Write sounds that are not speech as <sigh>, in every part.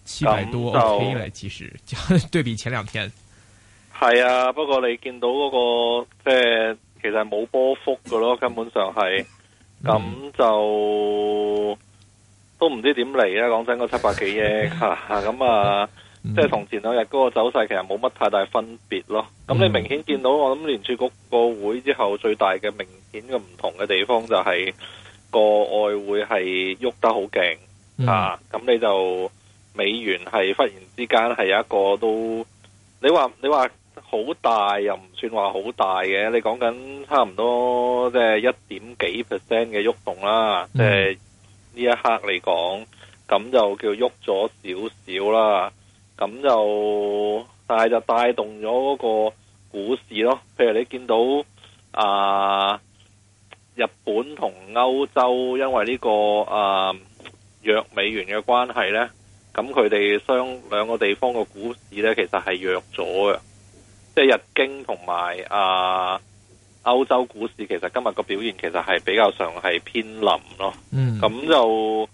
咁就其實、OK，對比前兩天係啊，不過你見到嗰、那個即係其實冇波幅嘅咯，根本上係咁、嗯、就都唔知點嚟 <laughs> 啊！講真，嗰七百幾億吓咁啊，嗯、即係同前兩日嗰個走勢其實冇乜太大分別咯。咁、嗯、你明顯見到，我諗聯儲局個會之後最大嘅明顯嘅唔同嘅地方就係、是、個外匯係喐得好勁、嗯、啊！咁你就美元係忽然之間係有一個都，你話你話好大又唔算話好大嘅，你講緊差唔多即係、嗯、一,一點幾 percent 嘅喐動啦。即係呢一刻嚟講，咁就叫喐咗少少啦。咁就但係就帶動咗嗰個股市咯。譬如你見到啊，日本同歐洲因為呢、呢個啊弱美元嘅關係呢。咁佢哋相兩個地方嘅股市呢，其實係弱咗嘅。即係日經同埋啊歐洲股市，其實今日個表現其實係比較上係偏臨咯。咁、嗯、就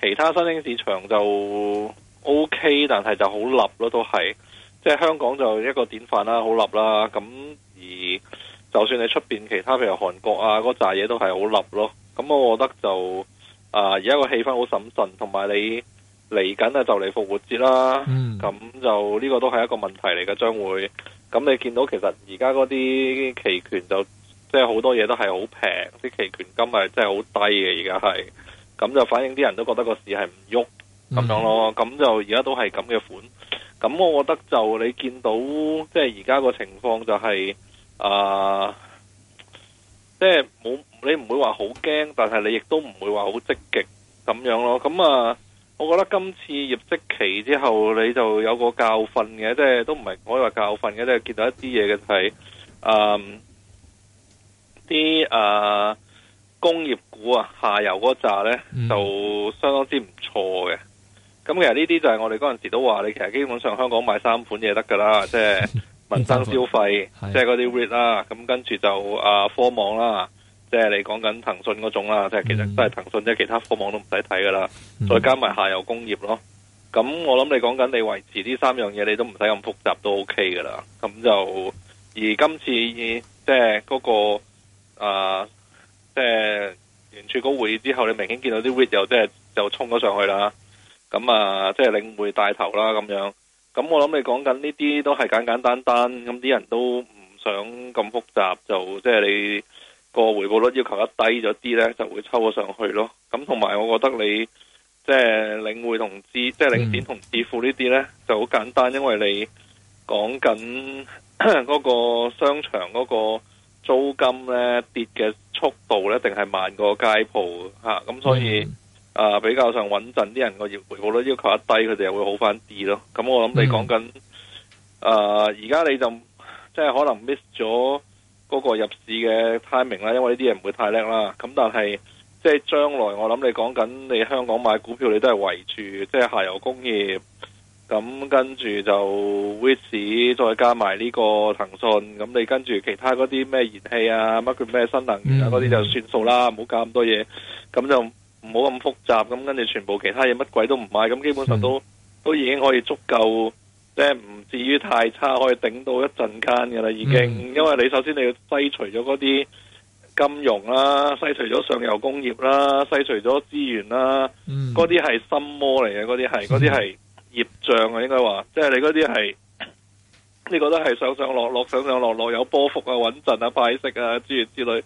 其他新興市場就 OK，但係就好立咯，都係即係香港就一個典範啦，好立啦。咁而就算你出邊其他，譬如韓國啊嗰扎嘢都係好立咯。咁我覺得就啊而家個氣氛好審慎，同埋你。嚟緊啊，就嚟復活節啦，咁、嗯、就呢、呢個都係一個問題嚟嘅，將會咁你見到其實而家嗰啲期權就即係好多嘢都係好平，啲期權金咪即係好低嘅，而家係咁就反映啲人都覺得個市係唔喐咁樣咯，咁就而家都係咁嘅款，咁我覺得就你見到即係而家個情況就係啊，即係冇、就是呃、你唔會話好驚，但係你亦都唔會話好積極咁樣咯，咁啊～我覺得今次業績期之後，你就有個教訓嘅，即係都唔係可以話教訓嘅，即係見到一啲嘢嘅係，嗯，啲、啊、工業股啊下游嗰扎呢，就相當之唔錯嘅。咁其實呢啲就係我哋嗰陣時都話，你其實基本上香港買三款嘢得㗎啦，即係民生消費，即係嗰啲 REIT 啦，咁、就是啊、跟住就誒、啊、科網啦。即係你講緊騰訊嗰種啦，即、嗯、係其實都係騰訊啫，其他科網都唔使睇噶啦。再加埋下游工業咯，咁我諗你講緊你維持呢三樣嘢，你都唔使咁複雜都可以了，都 OK 噶啦。咁就而今次即係嗰個啊，即係聯儲局會議之後，你明顯見到啲 REIT 又即係就衝、是、咗上去啦。咁啊，即、就、係、是、領匯帶頭啦，咁樣咁我諗你講緊呢啲都係簡簡單單，咁啲人都唔想咁複雜，就即係、就是、你。個回報率要求一低咗啲呢，就會抽咗上去咯。咁同埋，我覺得你即係、就是、領匯同支，即、就、係、是、領展同置富呢啲呢，mm -hmm. 就好簡單，因為你講緊嗰個商場嗰個租金呢，跌嘅速度呢，一定係慢過街鋪吓。咁、啊、所以啊、mm -hmm. 呃，比較上穩陣啲人個回報率要求一低，佢哋又會好翻啲咯。咁我諗你講緊啊，而、mm、家 -hmm. 呃、你就即係可能 miss 咗。嗰、那個入市嘅 timing 啦，因為呢啲嘢唔會太叻啦。咁但係即係將來我諗，你講緊你香港買股票，你都係圍住即係下游工業。咁跟住就 whisky，再加埋呢個騰訊。咁你跟住其他嗰啲咩燃氣啊，乜佢咩新能源啊，嗰啲就算數啦，唔好搞咁多嘢。咁就唔好咁複雜。咁跟住全部其他嘢乜鬼都唔買。咁基本上都都已經可以足夠。即係唔至於太差，可以頂到一陣間嘅啦，已經、嗯。因為你首先你要篩除咗嗰啲金融啦，篩除咗上游工業啦，篩除咗資源啦，嗰啲係心魔嚟嘅，嗰啲係嗰啲係業障啊，應該話。即係你嗰啲係你覺得係上上落落上上落落，有波幅啊，穩陣啊，派息啊之類之類。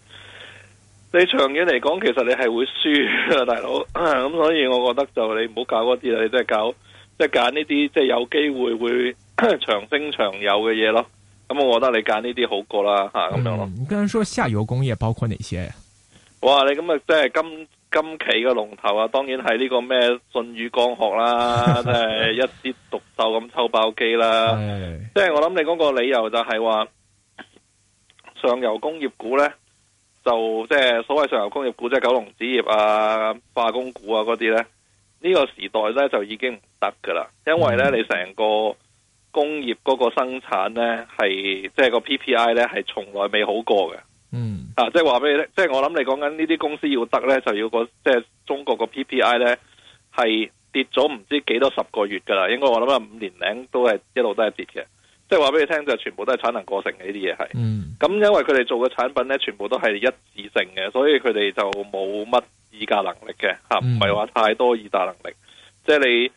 你長遠嚟講，其實你係會輸啊，大佬。咁所以我覺得就你唔好搞嗰啲啦，你真係搞，搞。即係揀呢啲，即、就、係、是、有機會會 <coughs> 長升長有嘅嘢咯。咁、嗯、我覺覺得你揀呢啲好過啦吓，咁樣咯。嗯、你剛才說下游工業包括哪些？哇，你咁啊，即係今今期嘅龍頭啊，當然係呢個咩舜宇光學啦，即 <laughs> 係一枝獨秀咁抽爆機啦。即 <laughs> 係我諗你嗰個理由就係話上游工業股呢，就即係、就是、所謂上游工業股，即、就、係、是、玖龍紙業啊、化工股啊嗰啲呢，呢、這個時代呢，就已經。得噶啦，因為咧你成個工業嗰個生產咧，係即係個 P P I 咧係從來未好過嘅。嗯，啊，即係話俾你，即係我諗你講緊呢啲公司要得咧，就要個即係中國個 P P I 咧係跌咗唔知幾多十個月噶啦。應該我諗啊，五年零都係一路都係跌嘅。即係話俾你聽，就全部都係產能過剩呢啲嘢係。嗯，咁因為佢哋做嘅產品咧，全部都係一致性嘅，所以佢哋就冇乜議價能力嘅吓，唔係話太多議價能力。啊，嗯，即係你。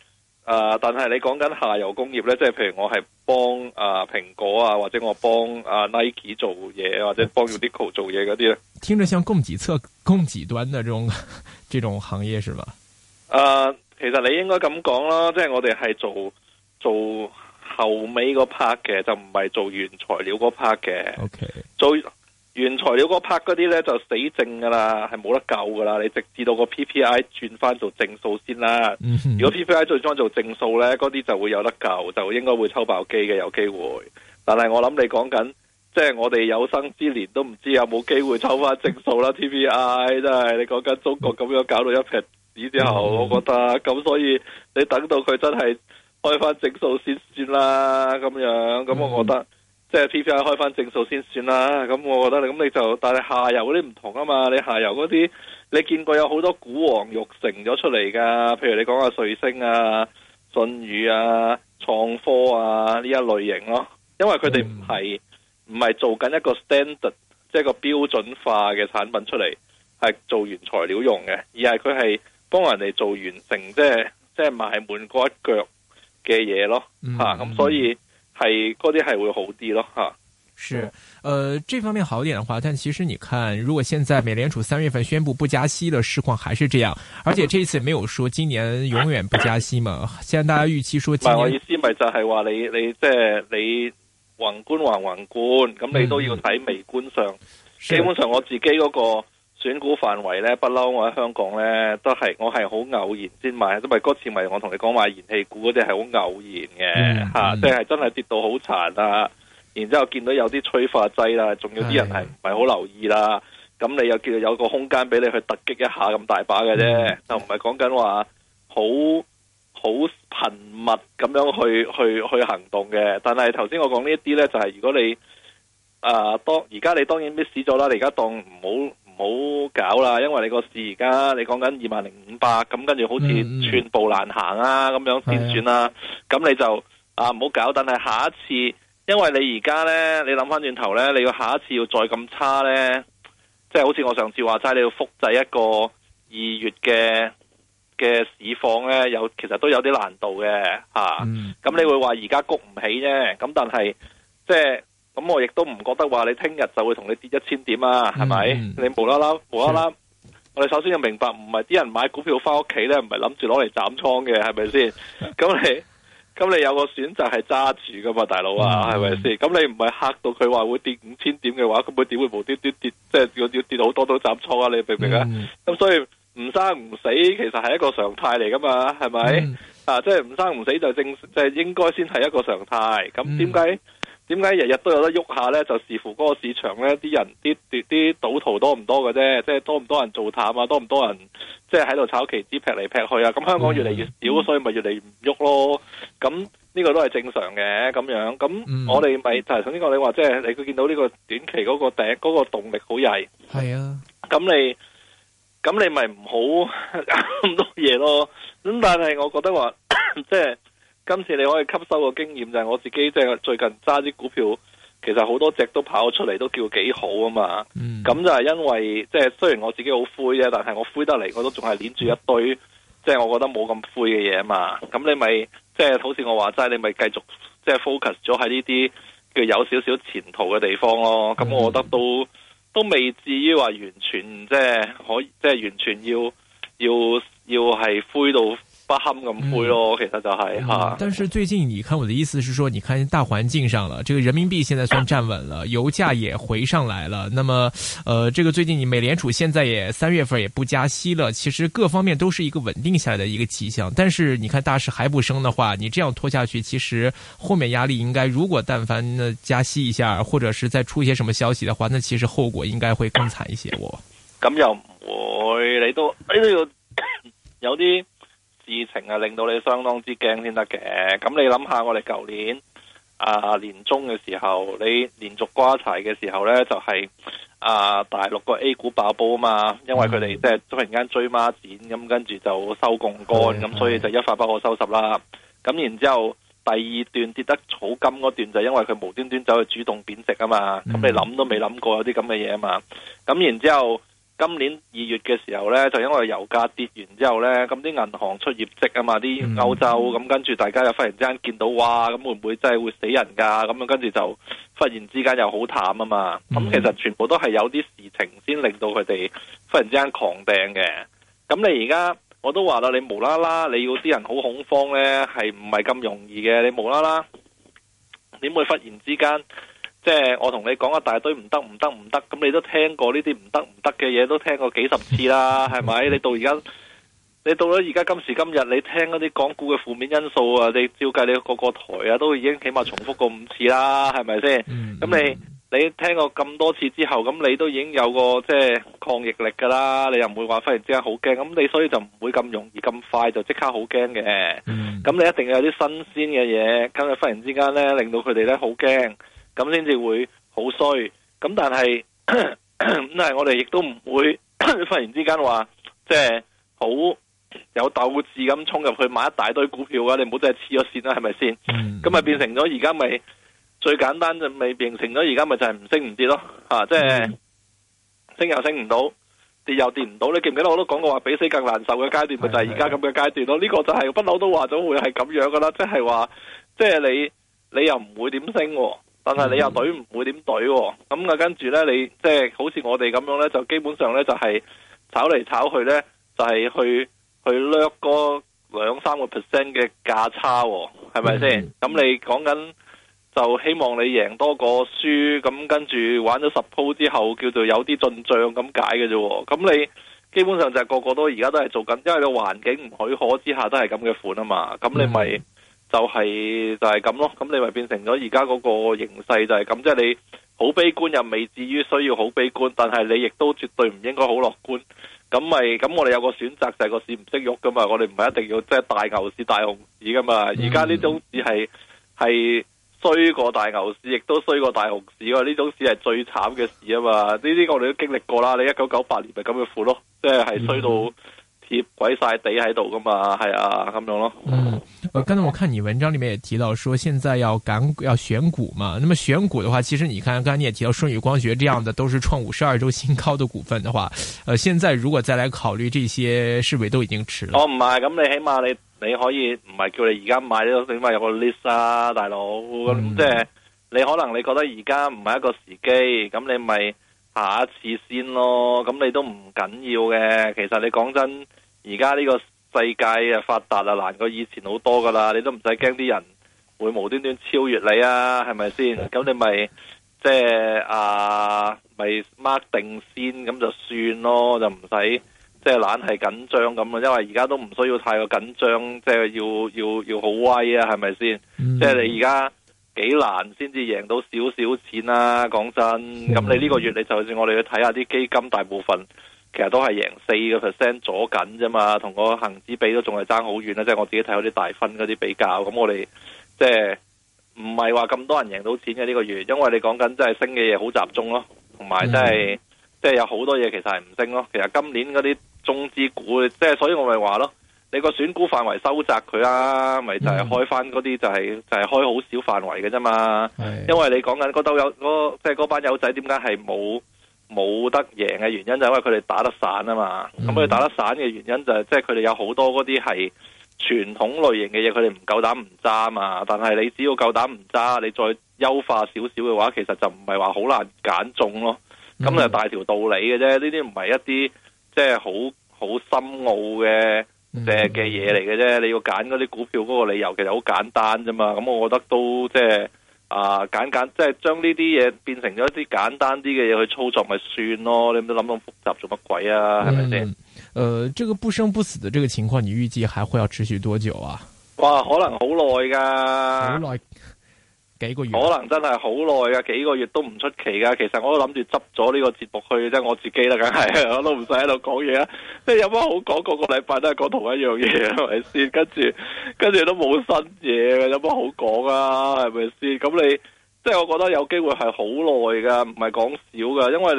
啊、呃，但係你講緊下游工業咧，即係譬如我係幫啊蘋、呃、果啊，或者我幫啊、呃、Nike 做嘢，或者幫 Udico 做嘢嗰啲咧。聽着像供給側、供給端嘅這種這種行業是吧？誒、呃，其實你應該咁講啦，即係我哋係做做後尾嗰 part 嘅，就唔係做原材料嗰 part 嘅。OK，做。原材料嗰 part 嗰啲咧就死剩噶啦，係冇得救噶啦。你直至到個 PPI 轉翻做正數先啦。 <laughs> 如果 PPI 轉翻做正數咧，嗰啲就會有得救，就應該會抽爆機嘅，有機會。但係我諗你講緊，即係我哋有生之年都唔知有冇機會抽翻正數啦。PPI 真係你講緊中國咁樣搞到一撇子之後， <laughs> 我覺得咁，所以你等到佢真係開翻正數先算啦，咁樣咁，我覺得。 <laughs> 即係 P P I 開翻正數先算啦，咁我覺得你咁你就，但係下游嗰啲唔同啊嘛，你下游嗰啲你見過有好多股王育成咗出嚟噶，譬如你講下瑞星啊、舜宇啊、創科啊呢一類型咯，因為佢哋唔係唔係做緊一個 standard 即係個標準化嘅產品出嚟，係做原材料用嘅，而係佢係幫人哋做完成即係即係埋滿嗰一腳嘅嘢咯，吓、啊、咁所以。係嗰啲係會好啲咯吓，是，呃這方面好點的話，但其實你看，如果現在美聯儲三月份宣布不加息的市況還是這樣，而且這一次沒有說今年永遠不加息嘛，現在大家預期說今年，今係我意思咪就係話你你即係你、就是、你宏觀還宏觀，咁你都要睇微觀上、嗯，基本上我自己、嗰個。選股範圍咧，不嬲我喺香港咧都係，我係好偶然先買，因為嗰次咪我同你講話，燃氣股嗰啲係好偶然嘅、嗯啊嗯、即係真係跌到好殘啦、啊。然之後見到有啲催化劑啦、啊，仲有啲人係唔係好留意啦、啊。咁你又叫有個空間俾你去突擊一下咁大把嘅啫，就唔係講緊話好好頻密咁樣去去去行動嘅。但係頭先我講呢一啲咧，就係、是、如果你啊、呃、當而家你當然 miss 咗啦，你而家當唔好。唔好搞啦，因為你個市而家你講緊二萬零五百，咁跟住好似寸步難行、嗯嗯嗯、啊，咁樣先算啦。咁你就啊唔好搞，但係下一次，因為你而家呢，你諗翻轉頭呢，你要下一次要再咁差呢，即、就、係、是、好似我上次話齋你要複製一個二月嘅嘅市況呢，有其實都有啲難度嘅吓。咁、啊嗯、你會話而家谷唔起呢？咁但係即係。咁我亦都唔覺得話你聽日就會同你跌一千點啊，係咪、嗯？你無啦啦無啦啦，我哋首先要明白，唔係啲人買股票翻屋企咧，唔係諗住攞嚟斬倉嘅，係咪先？咁你咁你有個選擇係揸住噶嘛，大佬啊，係咪先？咁、嗯、你唔係吓到佢話會跌五千點嘅話，咁佢點會無端端跌，即係要要跌好多都斬倉啊？你明唔明啊？咁所以唔生唔死，其實係一個常態嚟噶嘛，係咪？啊，即係唔生唔死就正就係應該先係一個常態。咁點解？點解日日都有得喐下咧？就視乎嗰個市場咧，啲人啲啲賭徒多唔多嘅啫？即係多唔多人做淡啊，多唔多人，多唔多人即係喺度炒期指劈嚟劈去啊！咁香港越嚟越少，嗯，所以咪越嚟越唔喐咯。咁呢、呢個都係正常嘅咁樣。咁、嗯、我哋咪，就係頭先我你話即係你佢見到呢個短期嗰個頂嗰、嗰個動力好曳。係啊，咁你咁你咪唔好搞咁多嘢咯。咁但係我覺得話即係。 <coughs> 就是今次你可以吸收個經驗就係我自己即係最近揸啲股票，其實好多隻都跑出嚟都叫幾好啊嘛。咁、嗯、就係因為即係、就是、雖然我自己好灰啫，但係我灰得嚟我都仲係捻住一堆，即、就、係、是、我覺得冇咁灰嘅嘢啊嘛。咁你咪即係好似我話齋，你咪繼續即係 focus 咗喺呢啲叫有少少前途嘅地方咯。咁我覺得都、嗯、都未至於話完全即係、就是、可以，即、就、係、是、完全要要要係灰到。不堪咁去咯，其實就係吓。但是最近，你看我的意思是說，你看大環境上了，這個人民幣現在算站穩了，油價也回上來了。那麼，呃，這個最近你美聯儲現在也三月份也不加息了，其實各方面都是一個穩定下來的一個跡象。但是，你看大市還不升的話，你這樣拖下去，其實後面壓力應該，如果但凡呢加息一下，或者是再出一些什麼消息的話，那其實後果應該會更慘一些。咁又唔會，你都，哎這個、有啲。有疫情啊，令到你相當之驚先得嘅。咁你諗下，我哋舊年啊年中嘅時候，你連續瓜柴嘅時候呢，就係、是、啊大陸個 A 股爆煲啊嘛，因為佢哋、嗯、即係突然間追孖展，咁跟住就收槓桿，咁所以就一發不可收拾啦。咁然之後，第二段跌得草根嗰段就是、因為佢無端端走去主動貶值啊嘛，咁、嗯、你諗都未諗過有啲咁嘅嘢啊嘛，咁然之後。今年二月嘅時候呢，就因為油價跌完之後呢，咁啲銀行出業績啊嘛，啲歐洲咁、嗯、跟住大家又忽然之間見到哇，咁會唔會真係會死人㗎？咁樣跟住就忽然之間又好淡啊嘛。咁、嗯、其實全部都係有啲事情先令到佢哋忽然之間狂病嘅。咁你而家我都話啦，你無啦啦你要啲人好恐慌呢，係唔係咁容易嘅？你無啦啦，你會忽然之間。即係我同你講一大堆唔得唔得唔得，咁你都聽過呢啲唔得唔得嘅嘢，都聽過幾十次啦，係咪？你到而家，你到咗而家今時今日，你聽嗰啲港股嘅負面因素啊，你照計你個個台啊，都已經起碼重複過五次啦，係咪先？咁你你聽過咁多次之後，咁你都已經有個即係抗逆力噶啦，你又唔會話忽然之間好驚。咁你所以就唔會咁容易咁快就即刻好驚嘅。咁你一定要有啲新鮮嘅嘢，咁啊忽然之間呢，令到佢哋呢好驚。咁先至會好衰，咁但係但係我哋亦都唔會忽然之間話即係好有鬥志咁衝入去買一大堆股票啊！你唔好真係黐咗線啦，係咪先？咁、嗯、咪變成咗而家咪最簡單就未變成咗而家咪就係唔升唔跌咯，吓即係升又升唔到，跌又跌唔到。你記唔記得我都講過話比死更難受嘅階段咪就係而家咁嘅階段咯？呢、呢個就係不嬲都話咗會係咁樣噶啦，即係話即係你你又唔會點升，啊。但係你又懟唔會點懟咁啊？就跟住呢，你即係、就是、好似我哋咁樣呢，就基本上呢，就係炒嚟炒去呢，就係、是、去去掠個兩三個 percent 嘅價差、哦，係咪先？咁 <noise> 你講緊就希望你贏多個輸，咁跟住玩咗十鋪之後，叫做有啲進賬咁解嘅啫。咁你基本上就係個個都而家都係做緊，因為個環境唔許可之下，都係咁嘅款啊嘛。咁你咪。 <noise> <noise> 就係、是、就係、是、咁咯，咁你咪變成咗而家嗰個形勢就係咁，即係你好悲觀又未至於需要好悲觀，但係你亦都絕對唔應該好樂觀。咁咪咁我哋有個選擇就係個市唔識喐噶嘛，我哋唔係一定要即係、就是、大牛市大熊市噶嘛。而家呢種市係係衰過大牛市，亦都衰過大熊市啊！呢種市係最慘嘅市啊嘛！呢啲我哋都經歷過啦。你一九九八年咪咁嘅款咯，即係係衰到貼鬼晒地喺度噶嘛，係啊咁樣咯。嗯我剛才我看你文章裏面也提到，說現在要趕要選股嘛。那麼選股的話，其實你看剛才你也提到舜宇光學這樣的，都是創五十二周新高的股份的話，呃，現在如果再來考慮這些，是不是都已經遲了？我唔係咁，你起碼你你可以唔係叫你而家買咯，你起碼有個 list 啊，大佬。咁即係你可能你覺得而家唔係一個時機，咁你咪下一次先咯。咁你都唔緊要嘅。其實你講真，而家呢個。世界啊發達啊難過以前好多噶啦，你都唔使驚啲人會無端端超越你啊，係咪先？咁你咪即係啊，咪 mark 定先咁就算咯，就唔使即係懶係緊張咁啊，因為而家都唔需要太過緊張，即係要要要好威啊，係咪先？Mm-hmm. 即係你而家幾難先至贏到少少錢啦啊，講真。咁你呢個月你就算我哋去睇下啲基金，大部分，其實都係贏四個 percent 咗緊啫嘛，同個恒指比都仲係爭好遠啦。即係我自己睇嗰啲大分嗰啲比較，咁我哋即係唔係話咁多人贏到錢嘅呢個月，因為你講緊真係升嘅嘢好集中咯，同埋即係即係有好多嘢其實係唔升咯。其實今年嗰啲中資股，即係所以我咪話咯，你個選股範圍收窄佢啊，咪就係開翻嗰啲就係就係開好少範圍嘅啫嘛。因為你講緊嗰兜有即係嗰班友仔，點解係冇？冇得贏嘅原因就係因為佢哋打得散啊嘛，咁佢哋打得散嘅原因就係即係佢哋有好多嗰啲係傳統類型嘅嘢，佢哋唔夠膽唔揸嘛。但係你只要夠膽唔揸，你再優化少少嘅話，其實就唔係話好難揀中咯。咁、嗯、就大條道理嘅啫，呢啲唔係一啲即係好好深奧嘅嘅嘢嚟嘅啫。你要揀嗰啲股票嗰個理由其實好簡單啫嘛。咁我覺得都即係。即係啊，簡簡即係將呢啲嘢變成咗一啲簡單啲嘅嘢去操作咪算咯，你唔好諗咁複雜做乜鬼啊，係咪先？嗯，誒、呃，這個不生不死的這個情況，你預計還會要持續多久啊？哇，可能好耐噶。好耐。幾個月可能真係好耐㗎，幾個月都唔出奇噶其實我都諗住執咗呢個節目去，即係我自己啦，梗係我 <laughs> 都唔使喺度講嘢。即係有乜好講？個個禮拜都係講同一樣嘢，係咪先？跟住跟住都冇新嘢，有乜好講啊？係咪先？咁你即係、就是，我覺得有機會係好耐噶，唔係講少噶因為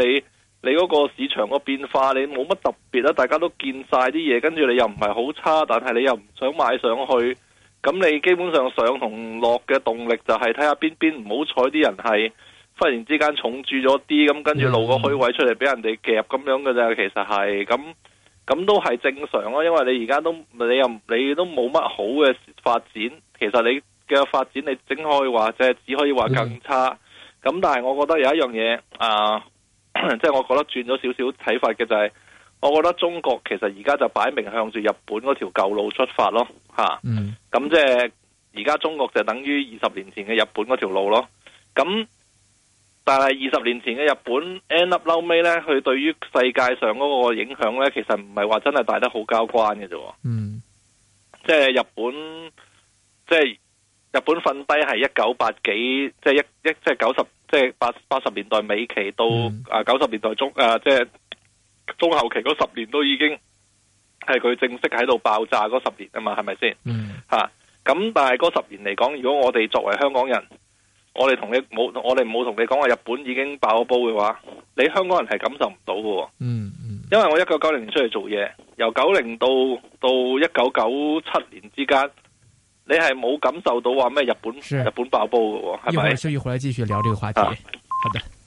你你嗰個市場個變化，你冇乜特別啊。大家都見晒啲嘢，跟住你又唔係好差，但係你又唔想買上去。咁你基本上上同落嘅動力就係睇下邊邊唔好彩啲人係忽然之間重注咗啲，咁跟住露個虛位出嚟俾人哋夾咁樣嘅啫。其實係咁咁都係正常咯。因為你而家都你又你都冇乜好嘅發展，其實你嘅發展你整可以話即係只可以話更差。咁但係我覺得有一樣嘢啊，即、呃、係、 <coughs> 就是、我覺得轉咗少少睇法嘅就係、是。我覺得中國其實而家就擺明向住日本嗰條舊路出發咯，吓、嗯，咁即係而家中國就等於二十年前嘅日本嗰條路咯。咁但係二十年前嘅日本 end up 撈尾咧，佢對於世界上嗰個影響咧，其實唔係話真係大得好交關嘅啫。嗯，即係日本，即係日本瞓低係一九八幾，即係一一即係九十，即係八八十年代尾期到、嗯、啊九十年代中啊，即係。中後期嗰十年都已經係佢正式喺度爆炸嗰十年啊嘛，係咪先？嗯，吓、啊、咁，但係嗰十年嚟講，如果我哋作為香港人，我哋同你冇，我哋冇同你講話日本已經爆煲嘅話，你香港人係感受唔到㗎。嗯嗯，因為我一九九零年出嚟做嘢，由九零到到一九九七年之間，你係冇感受到話咩日本日本爆煲㗎，係咪？一會休息回來繼續聊這個話題。啊，好的。